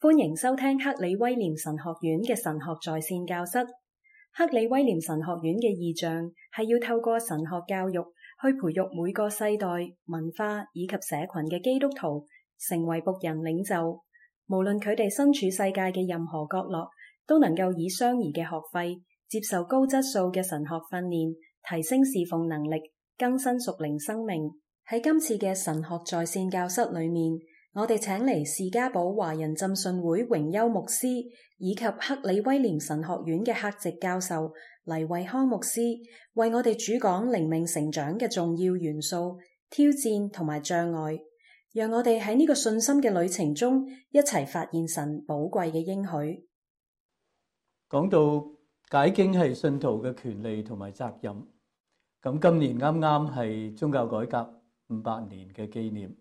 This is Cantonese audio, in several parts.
歡迎收聽克里威廉神學院嘅神學在線教室。克里威廉神學院嘅異象係要透過神學教育，去培育每個世代、文化以及社群嘅基督徒，成為僕人領袖。無論佢哋身處世界嘅任何角落，都能夠以相宜嘅學費接受高質素嘅神學訓練，提升侍奉能力，更新屬靈生命。喺今次嘅神學在線教室裏面，我哋請嚟士嘉堡華人浸信會榮休牧師以及克里威廉神學院嘅客席教授黎惠康牧師，為我哋主講靈命成長嘅重要元素、挑戰同埋障礙，讓我哋喺呢個信心嘅旅程中一齊發現神寶貴嘅應許。講到解經係信徒嘅權利同埋責任，咁今年啱啱係宗教改革五百年嘅紀念。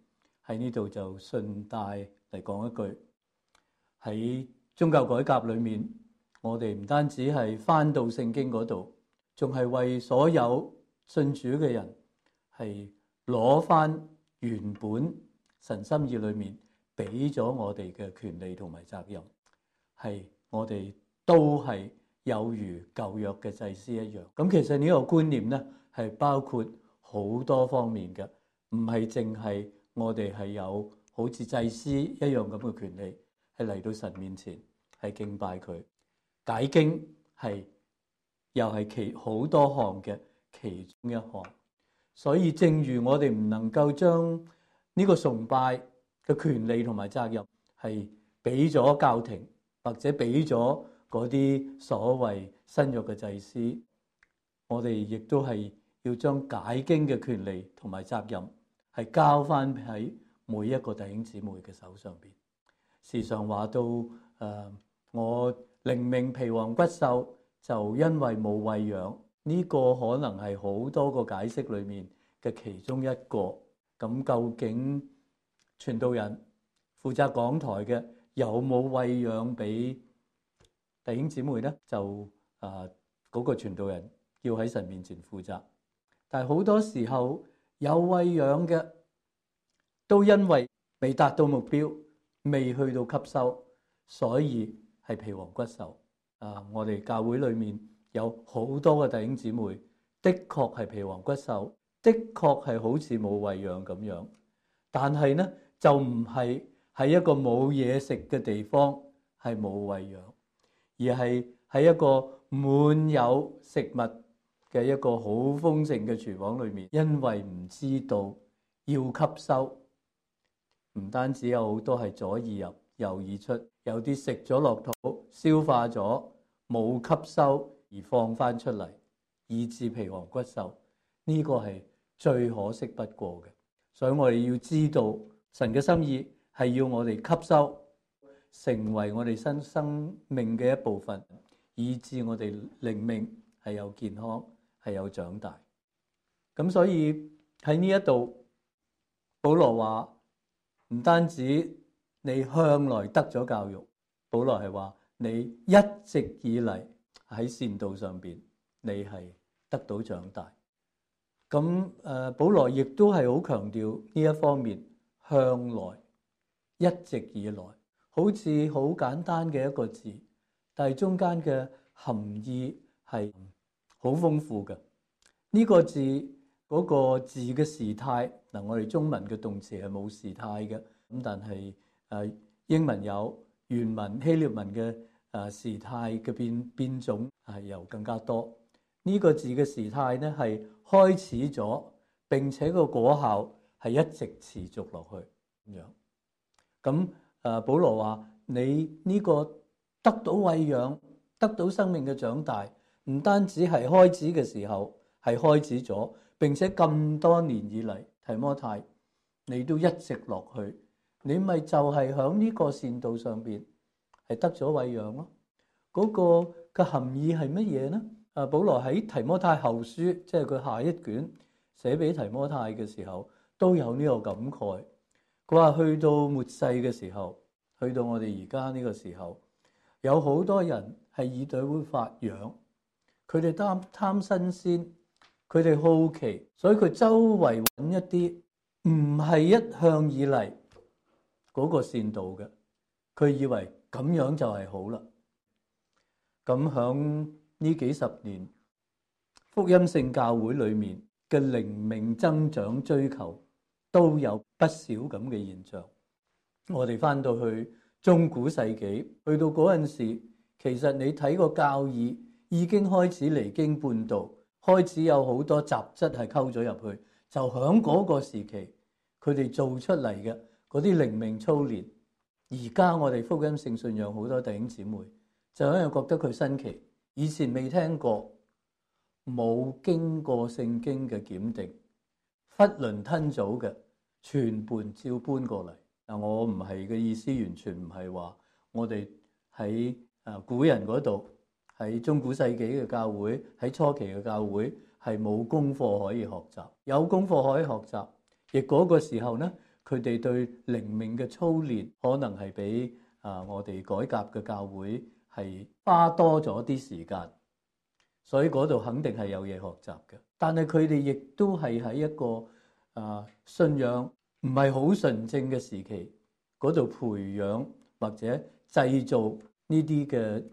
喺呢度就順帶嚟講一句，喺宗教改革裏面，我哋唔單止係翻到聖經嗰度，仲係為所有信主嘅人係攞翻原本神心意裏面俾咗我哋嘅權利同埋責任，係我哋都係有如舊約嘅祭司一樣。咁其實呢個觀念咧係包括好多方面嘅，唔係淨係。我哋係有好似祭司一樣咁嘅權利，係嚟到神面前，係敬拜佢。解經係又係其好多項嘅其中一項，所以正如我哋唔能夠將呢個崇拜嘅權利同埋責任，係俾咗教廷或者俾咗嗰啲所謂新約嘅祭司，我哋亦都係要將解經嘅權利同埋責任。係交翻喺每一個弟兄姊妹嘅手上邊。時常話到誒、呃，我靈命皮黃骨瘦，就因為冇餵養。呢、這個可能係好多個解釋裏面嘅其中一個。咁究竟傳道人負責講台嘅有冇餵養俾弟兄姊妹咧？就誒嗰、呃那個傳道人要喺神面前負責。但係好多時候。有餵養嘅，都因為未達到目標，未去到吸收，所以係皮黃骨瘦。啊，我哋教會裏面有好多嘅弟兄姊妹，的確係皮黃骨瘦，的確係好似冇餵養咁樣。但係呢，就唔係喺一個冇嘢食嘅地方係冇餵養，而係喺一個滿有食物。嘅一個好豐盛嘅廚房裏面，因為唔知道要吸收，唔單止有好多係左耳入右耳出，有啲食咗落肚消化咗冇吸收而放翻出嚟，以致皮黃骨瘦，呢個係最可惜不過嘅。所以我哋要知道神嘅心意係要我哋吸收，成為我哋新生命嘅一部分，以致我哋靈命係有健康。係有長大，咁所以喺呢一度，保羅話唔單止你向來得咗教育，保羅係話你一直以嚟喺善道上邊，你係得到長大。咁誒，保羅亦都係好強調呢一方面，向來一直以來，好似好簡單嘅一個字，但係中間嘅含義係。好豐富嘅，呢個字，嗰個字嘅時態嗱，我哋中文嘅動詞係冇時態嘅，咁，但係誒英文有、原文希臘文嘅誒時態嘅變變種係又更加多。呢個字嘅時態咧係開始咗，並且個果效係一直持續落去咁樣。咁誒，保羅話：你呢個得到餵養，得到生命嘅長大。唔單止係開始嘅時候係開始咗，並且咁多年以嚟提摩太你都一直落去，你咪就係喺呢個善道上邊，係得咗餵養咯。嗰、嗰個嘅含義係乜嘢呢？啊，保羅喺提摩太後書，即係佢下一卷寫俾提摩太嘅時候都有呢個感慨。佢話去到末世嘅時候，去到我哋而家呢個時候，有好多人係耳朵會發癢。佢哋貪貪新鮮，佢哋好奇，所以佢周圍揾一啲唔係一向以嚟嗰個線度嘅，佢以為咁樣就係好啦。咁喺呢幾十年福音性教會裏面嘅靈命增長追求都有不少咁嘅現象。我哋翻到去中古世紀，去到嗰陣時，其實你睇個教義。已經開始離經叛道，開始有好多雜質係溝咗入去。就響嗰個時期，佢哋做出嚟嘅嗰啲靈命操練，而家我哋福音性信仰好多弟兄姊妹就因為覺得佢新奇，以前未聽過，冇經過聖經嘅檢定，囫圇吞棗嘅全盤照搬過嚟。嗱，我唔係嘅意思，完全唔係話我哋喺誒古人嗰度。喺中古世紀嘅教會，喺初期嘅教會係冇功課可以學習，有功課可以學習。亦嗰個時候呢，佢哋對靈命嘅操練可能係比啊、呃、我哋改革嘅教會係花多咗啲時間，所以嗰度肯定係有嘢學習嘅。但係佢哋亦都係喺一個啊、呃、信仰唔係好純正嘅時期嗰度培養或者製造呢啲嘅。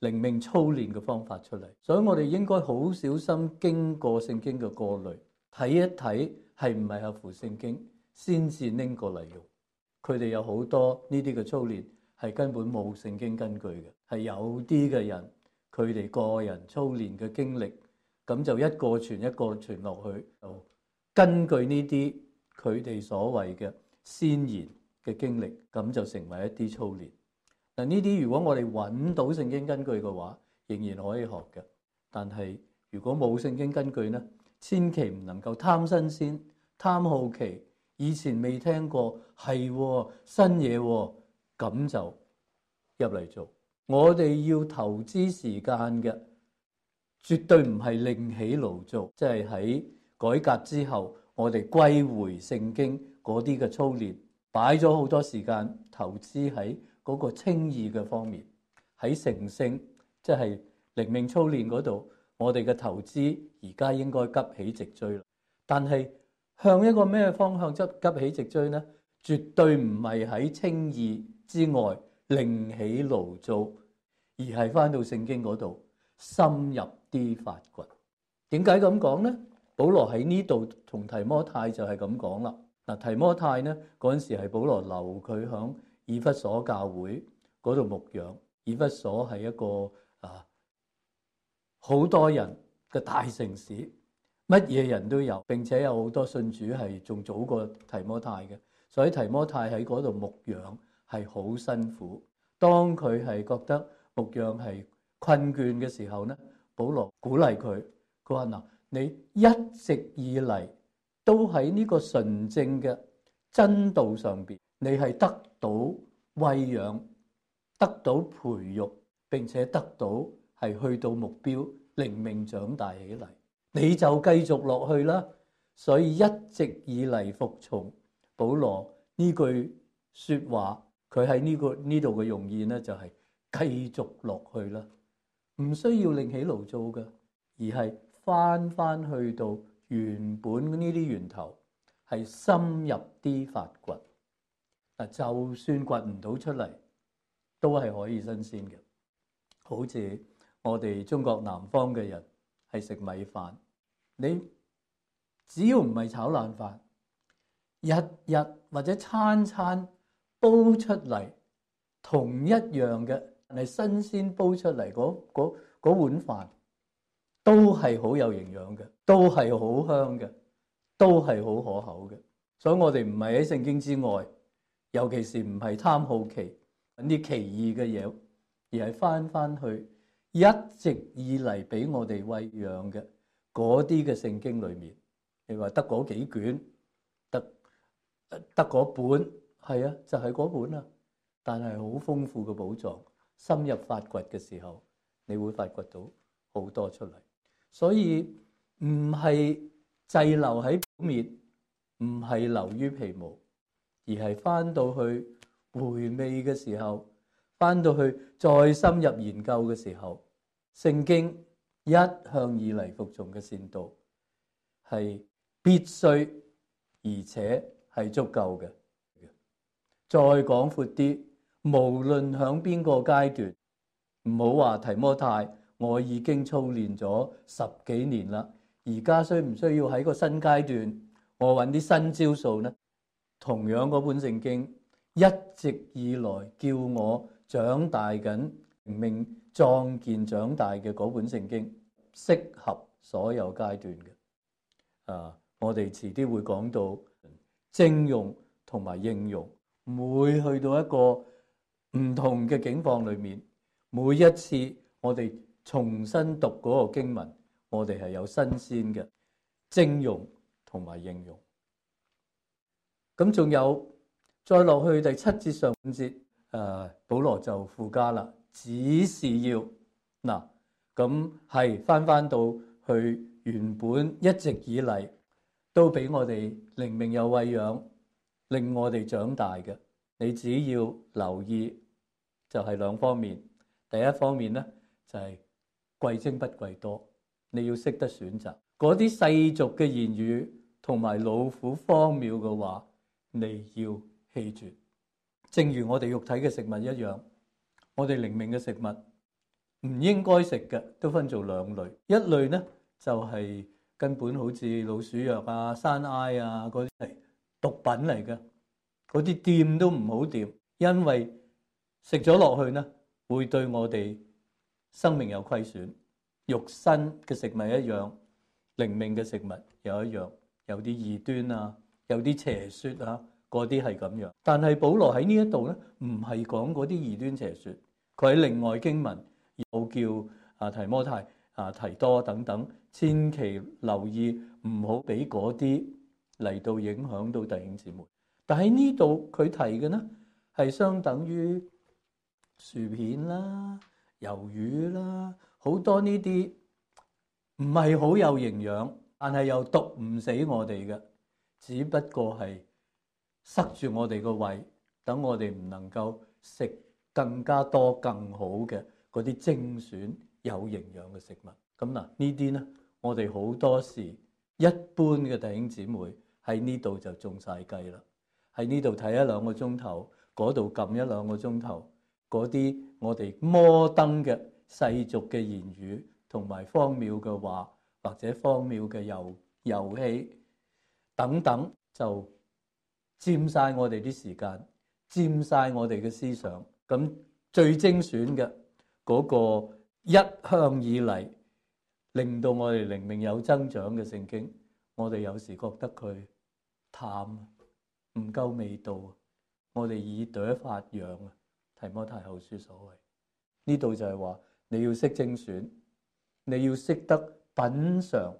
靈命操練嘅方法出嚟，所以我哋應該好小心經過聖經嘅過濾，睇一睇係唔係合乎聖經，先至拎過嚟用。佢哋有好多呢啲嘅操練係根本冇聖經根據嘅，係有啲嘅人佢哋個人操練嘅經歷，咁就一個傳一個傳落去，就根據呢啲佢哋所謂嘅先賢嘅經歷，咁就成為一啲操練。呢啲如果我哋揾到聖經根據嘅話，仍然可以學嘅。但係如果冇聖經根據呢，千祈唔能夠貪新鮮、貪好奇。以前未聽過，係喎，新嘢喎，咁就入嚟做。我哋要投資時間嘅，絕對唔係另起爐灶，即係喺改革之後，我哋歸回聖經嗰啲嘅操練，擺咗好多時間投資喺。嗰、那個稱義嘅方面喺成聖，即係靈命操練嗰度，我哋嘅投資而家應該急起直追啦。但係向一個咩方向即係急起直追咧？絕對唔係喺稱義之外另起爐灶，而係返到聖經嗰度深入啲發掘。點解咁講咧？保羅喺呢度同提摩太就係咁講啦。嗱，提摩太咧嗰陣時係保羅留佢響。以弗所教會嗰度牧養，以弗所係一個啊好多人嘅大城市，乜嘢人都有，並且有好多信主係仲早過提摩太嘅，所以提摩太喺嗰度牧養係好辛苦。當佢係覺得牧養係困倦嘅時候呢，保羅鼓勵佢，佢話嗱，你一直以嚟都喺呢個純正嘅真道上邊。你係得到餵養，得到培育，並且得到係去到目標，靈命長大起嚟，你就繼續落去啦。所以一直以嚟，服從保羅呢句説話，佢喺呢個呢度嘅用意咧，就係、是、繼續落去啦，唔需要另起爐灶嘅，而係返返去到原本呢啲源頭，係深入啲發掘。就算掘唔到出嚟，都係可以新鮮嘅。好似我哋中國南方嘅人係食米飯，你只要唔係炒爛飯，日日或者餐餐煲出嚟同一樣嘅係新鮮煲出嚟嗰嗰嗰碗飯，都係好有營養嘅，都係好香嘅，都係好可口嘅。所以我哋唔係喺聖經之外。尤其是唔係貪好奇啲奇異嘅嘢，而係翻翻去一直以嚟俾我哋餵養嘅嗰啲嘅聖經裏面，你話得嗰幾卷，得得嗰本，係啊，就係嗰本啊。但係好豐富嘅寶藏，深入發掘嘅時候，你會發掘到好多出嚟。所以唔係滯留喺表面，唔係留於皮毛。而係翻到去回味嘅時候，翻到去再深入研究嘅時候，聖經一向以嚟，服從嘅善道係必須而且係足夠嘅。再廣闊啲，無論響邊個階段，唔好話提摩太，我已經操練咗十幾年啦，而家需唔需要喺個新階段，我揾啲新招數呢？同樣嗰本聖經一直以來叫我長大緊，命壯健長大嘅嗰本聖經，適合所有階段嘅。啊，我哋遲啲會講到徵用同埋應用。每去到一個唔同嘅境況裏面，每一次我哋重新讀嗰個經文，我哋係有新鮮嘅徵用同埋應用。咁仲有，再落去第七節上五節，誒、啊，保羅就附加啦。只是要嗱，咁係返返到去原本一直以嚟都俾我哋靈命有餵養，令我哋長大嘅。你只要留意，就係、是、兩方面。第一方面咧，就係、是、貴精不貴多，你要識得選擇嗰啲世俗嘅言語同埋老虎荒謬嘅話。你要棄絕，正如我哋肉體嘅食物一樣，我哋靈命嘅食物唔應該食嘅都分做兩類，一類呢就係根本好似老鼠藥啊、山埃啊嗰啲毒品嚟嘅，嗰啲掂都唔好掂，因為食咗落去呢會對我哋生命有虧損。肉身嘅食物一樣，靈命嘅食物又一樣，有啲異端啊。有啲邪説啊，嗰啲係咁樣。但係保羅喺呢一度咧，唔係講嗰啲異端邪説。佢喺另外經文又叫啊提摩太啊提多等等，千祈留意，唔好俾嗰啲嚟到影響到弟兄姊妹。但喺呢度佢提嘅呢係相等於薯片啦、魷魚啦，好多呢啲唔係好有營養，但係又毒唔死我哋嘅。只不過係塞住我哋個胃，等我哋唔能夠食更加多、更好嘅嗰啲精選有營養嘅食物。咁嗱，呢啲呢，我哋好多時一般嘅弟兄姊妹喺呢度就中晒計啦，喺呢度睇一兩個鐘頭，嗰度撳一兩個鐘頭，嗰啲我哋摩登嘅世俗嘅言語同埋荒謬嘅話或者荒謬嘅遊遊戲。等等就佔晒我哋啲時間，佔晒我哋嘅思想。咁最精選嘅嗰個一向以嚟令到我哋靈命有增長嘅聖經，我哋有時覺得佢淡，唔夠味道，我哋耳朵發癢啊！提摩太後書所謂。呢度就係話你要識精選，你要識得品嚐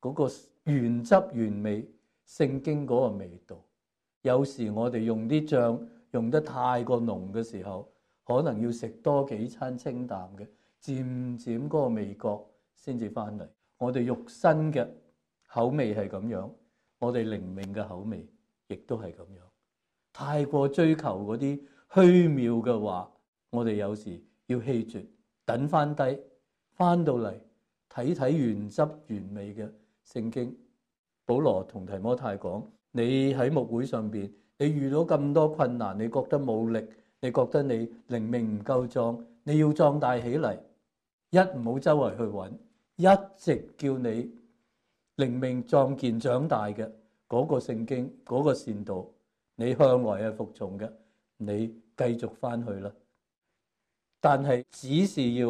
嗰個。原汁原味，聖經嗰個味道，有時我哋用啲醬用得太過濃嘅時候，可能要食多幾餐清淡嘅，漸漸嗰個味覺先至翻嚟。我哋肉身嘅口味係咁樣，我哋靈命嘅口味亦都係咁樣。太過追求嗰啲虛妙嘅話，我哋有時要棄絕，等翻低，翻到嚟睇睇原汁原味嘅。聖經，保羅同提摩太講：你喺牧會上邊，你遇到咁多困難，你覺得冇力，你覺得你靈命唔夠壯，你要壯大起嚟。一唔好周圍去揾，一直叫你靈命壯健、長大嘅嗰個聖經嗰個善道，你向來係服從嘅，你繼續翻去啦。但係只是要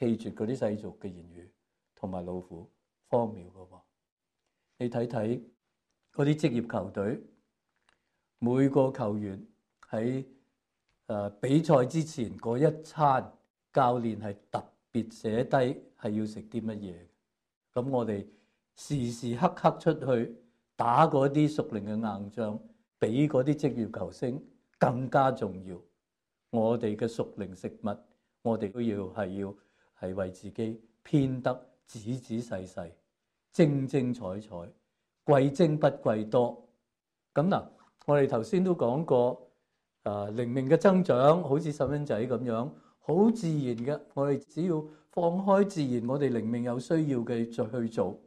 棄絕嗰啲世俗嘅言語同埋老虎。荒謬嘅喎！你睇睇嗰啲職業球隊，每個球員喺誒、呃、比賽之前嗰一餐，教練係特別寫低係要食啲乜嘢。咁我哋時時刻刻出去打嗰啲屬靈嘅硬仗，比嗰啲職業球星更加重要。我哋嘅屬靈食物，我哋都要係要係為自己編得仔仔細細。精精彩彩，貴精不貴多。咁嗱、啊，我哋頭先都講過，誒、呃、靈命嘅增長好似細蚊仔咁樣，好自然嘅。我哋只要放開自然，我哋靈命有需要嘅再去做，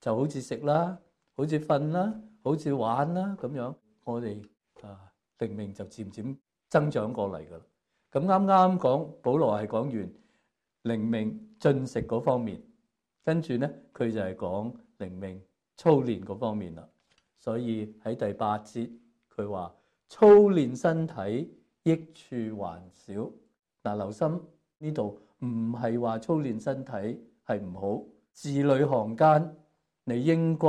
就好似食啦，好似瞓啦，好似玩啦咁樣，我哋誒、呃、靈命就漸漸增長過嚟噶啦。咁啱啱講，保羅係講完靈命進食嗰方面。跟住呢，佢就係講靈命操練嗰方面啦。所以喺第八節，佢話操練身體益處還少。嗱、啊，留心呢度唔係話操練身體係唔好。字裏行間，你應該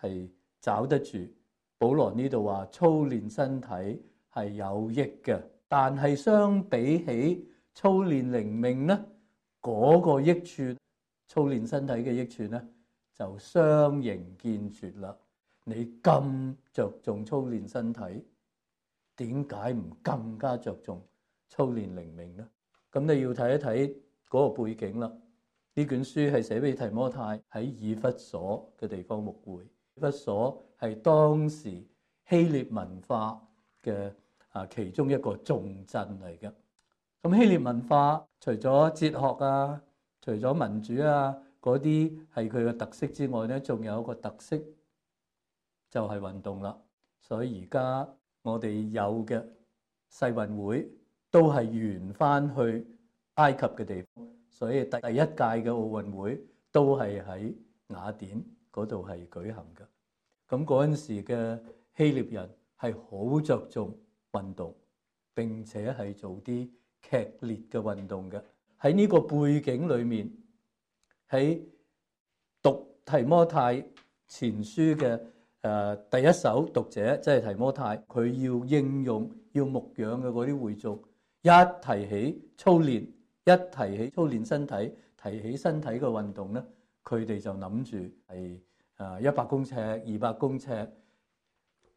係抓得住。保羅呢度話操練身體係有益嘅，但係相比起操練靈命呢嗰、那個益處。操練身體嘅益處咧，就相形見絀啦。你咁着重操練身體，點解唔更加着重操練靈命咧？咁你要睇一睇嗰個背景啦。呢卷書係寫俾提摩太喺以弗所嘅地方牧會。以弗所係當時希臘文化嘅啊，其中一個重鎮嚟嘅。咁希臘文化除咗哲學啊。除咗民主啊嗰啲係佢嘅特色之外咧，仲有一個特色就係運動啦。所以而家我哋有嘅世運會都係沿翻去埃及嘅地方，所以第第一屆嘅奧運會都係喺雅典嗰度係舉行嘅。咁嗰陣時嘅希臘人係好着重運動，並且係做啲劇烈嘅運動嘅。喺呢個背景裏面，喺讀提摩太前書嘅誒第一首讀者，即係提摩太，佢要應用要牧養嘅嗰啲會眾，一提起操練，一提起操練身體，提起身體嘅運動咧，佢哋就諗住係誒一百公尺、二百公尺、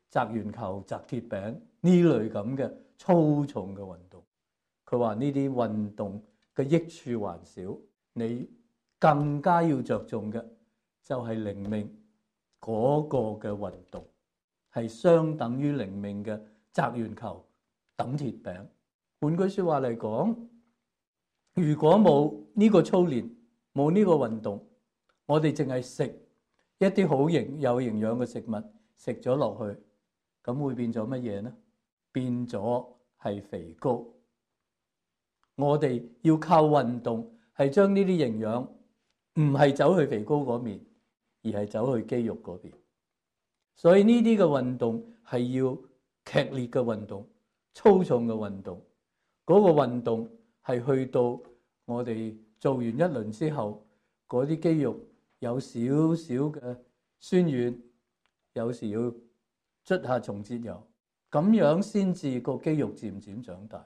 擲鉛球、擲鐵餅呢類咁嘅粗重嘅運動。佢話呢啲運動嘅益處還少，你更加要着重嘅就係靈命嗰個嘅運動，係相等於靈命嘅擲鉛球、抌鐵餅。換句説話嚟講，如果冇呢個操練，冇呢個運動，我哋淨係食一啲好營有營養嘅食物食咗落去，咁會變咗乜嘢呢？變咗係肥膏。我哋要靠運動，係將呢啲營養唔係走去肥膏嗰邊，而係走去肌肉嗰邊。所以呢啲嘅運動係要劇烈嘅運動、粗重嘅運動。嗰個運動係去到我哋做完一輪之後，嗰啲肌肉有少少嘅酸軟，有時要捽下重節油，咁樣先至個肌肉漸漸長大。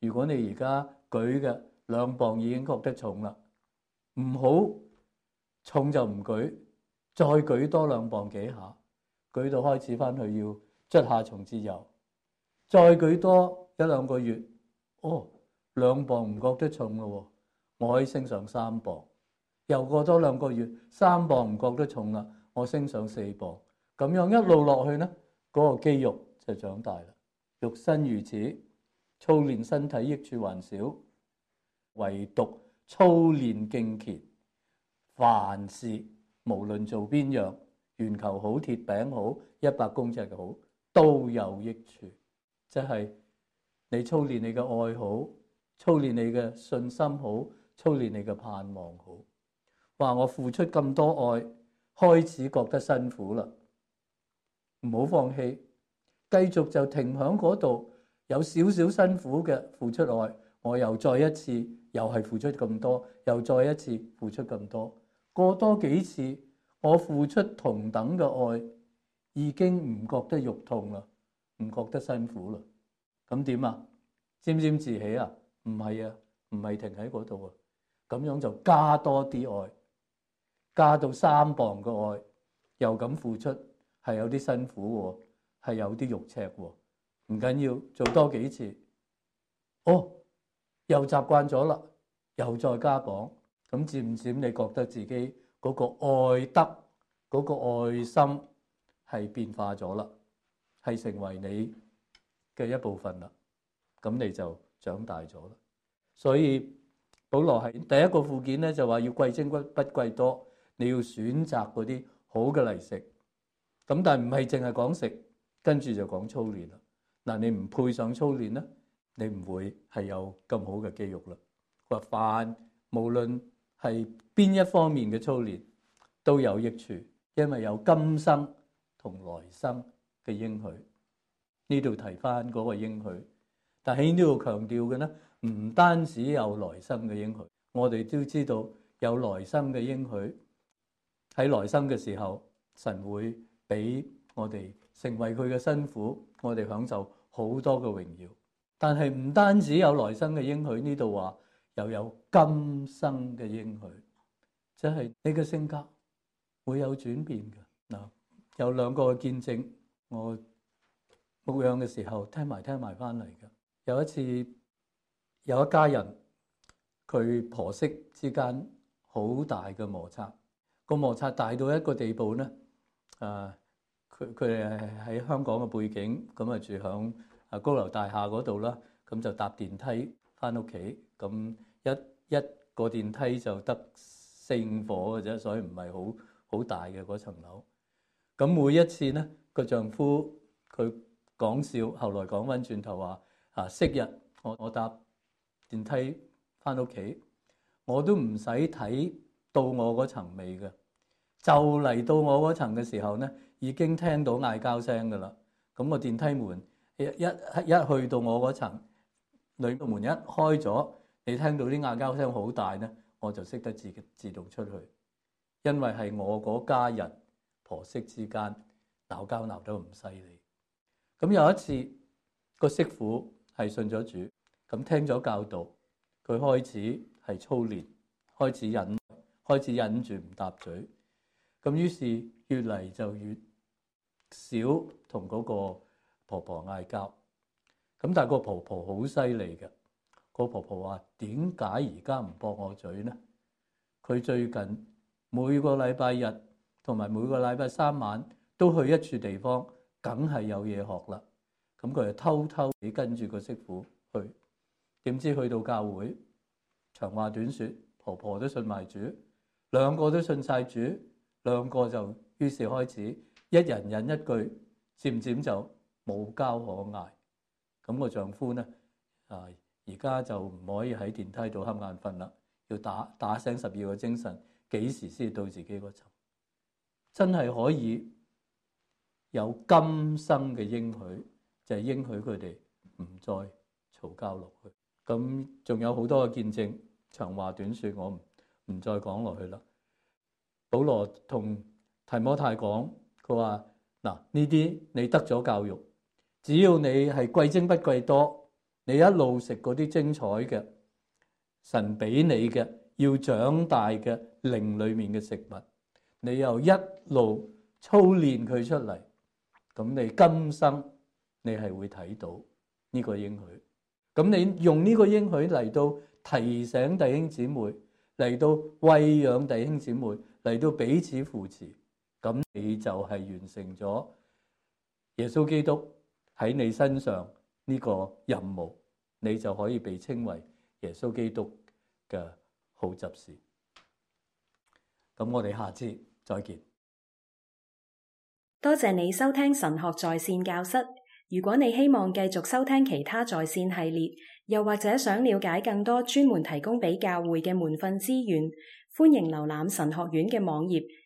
如果你而家舉嘅兩磅已經覺得重啦，唔好重就唔舉，再舉多兩磅幾下，舉到開始翻去要捽下重至由。再舉多一兩個月，哦，兩磅唔覺得重咯，我可以升上三磅。又過多兩個月，三磅唔覺得重啦，我升上四磅。咁樣一路落去呢，嗰個肌肉就長大啦，肉身如此。操練身體益處還少，唯獨操練敬虔。凡事無論做邊樣，圓球好、鐵餅好、一百公尺好，都有益處。即係你操練你嘅愛好，操練你嘅信心好，操練你嘅盼望好。話我付出咁多愛，開始覺得辛苦啦，唔好放棄，繼續就停響嗰度。有少少辛苦嘅，付出愛，我又再一次又係付出咁多，又再一次付出咁多，過多幾次我付出同等嘅愛，已經唔覺得肉痛啦，唔覺得辛苦啦，咁點啊？沾沾自喜啊？唔係啊，唔係停喺嗰度啊，咁樣就加多啲愛，加到三磅嘅愛，又咁付出係有啲辛苦喎，啊，係有啲肉赤喎，啊。唔緊要，做多幾次，哦，又習慣咗啦，又再加磅，咁漸漸你覺得自己嗰個愛德，嗰個愛心係變化咗啦，係成為你嘅一部分啦，咁你就長大咗啦。所以保羅係第一個附件咧，就話要貴精不不貴多，你要選擇嗰啲好嘅嚟食。咁但係唔係淨係講食，跟住就講操練啦。嗱，你唔配上操練咧，你唔會係有咁好嘅肌肉啦。佢話：凡無論係邊一方面嘅操練都有益處，因為有今生同來生嘅應許。呢度提翻嗰個應許，但喺呢度強調嘅咧，唔單止有來生嘅應許，我哋都知道有來生嘅應許，喺來生嘅時候，神會俾我哋成為佢嘅辛苦，我哋享受，好多嘅榮耀，但係唔單止有來生嘅應許，呢度話又有今生嘅應許，即係你嘅性格會有轉變嘅。嗱，有兩個見證，我牧養嘅時候聽埋聽埋翻嚟嘅。有一次有一家人，佢婆媳之間好大嘅摩擦，個摩擦大到一個地步咧，啊！佢佢哋喺香港嘅背景，咁啊住響啊高樓大廈嗰度啦，咁就搭電梯翻屋企。咁一一個電梯就得四五火嘅啫，所以唔係好好大嘅嗰層樓。咁每一次咧，個丈夫佢講笑，後來講翻轉頭話啊，昔日我我搭電梯翻屋企，我都唔使睇到我嗰層未嘅，就嚟到我嗰層嘅時候咧。已經聽到嗌交聲嘅啦，咁個電梯門一一一，一去到我嗰層，裏面門一開咗，你聽到啲嗌交聲好大咧，我就識得自己自動出去，因為係我嗰家人婆媳之間鬧交鬧得唔犀利。咁有一次個媳婦係信咗主，咁聽咗教導，佢開始係操練，開始忍，開始忍住唔搭嘴。咁於是越嚟就越少同嗰個婆婆嗌交咁，但係個婆婆好犀利嘅。個婆婆話：點解而家唔駁我嘴呢？佢最近每個禮拜日同埋每個禮拜三晚都去一處地方，梗係有嘢學啦。咁佢就偷偷地跟住個媳婦去。點知去到教會，長話短説，婆婆都信埋主，兩個都信晒主，兩個就於是開始。一人忍一句，漸漸就冇交可嗌。咁個丈夫呢？啊，而家就唔可以喺電梯度瞌眼瞓啦，要打打醒十二個精神，幾時先到自己嗰層？真係可以有今生嘅應許，就係應許佢哋唔再嘈交落去。咁仲有好多嘅見證，長話短説，我唔唔再講落去啦。保羅同提摩太講。佢話：嗱，呢啲你得咗教育，只要你係貴精不貴多，你一路食嗰啲精彩嘅神俾你嘅，要長大嘅靈裡面嘅食物，你又一路操練佢出嚟，咁你今生你係會睇到呢個應許。咁你用呢個應許嚟到提醒弟兄姊妹，嚟到餵養弟兄姊妹，嚟到彼此扶持。咁你就係完成咗耶穌基督喺你身上呢個任務，你就可以被稱為耶穌基督嘅好執事。咁我哋下次再見。多謝你收聽神學在線教室。如果你希望繼續收聽其他在線系列，又或者想了解更多專門提供俾教會嘅門訓資源，歡迎瀏覽神學院嘅網頁。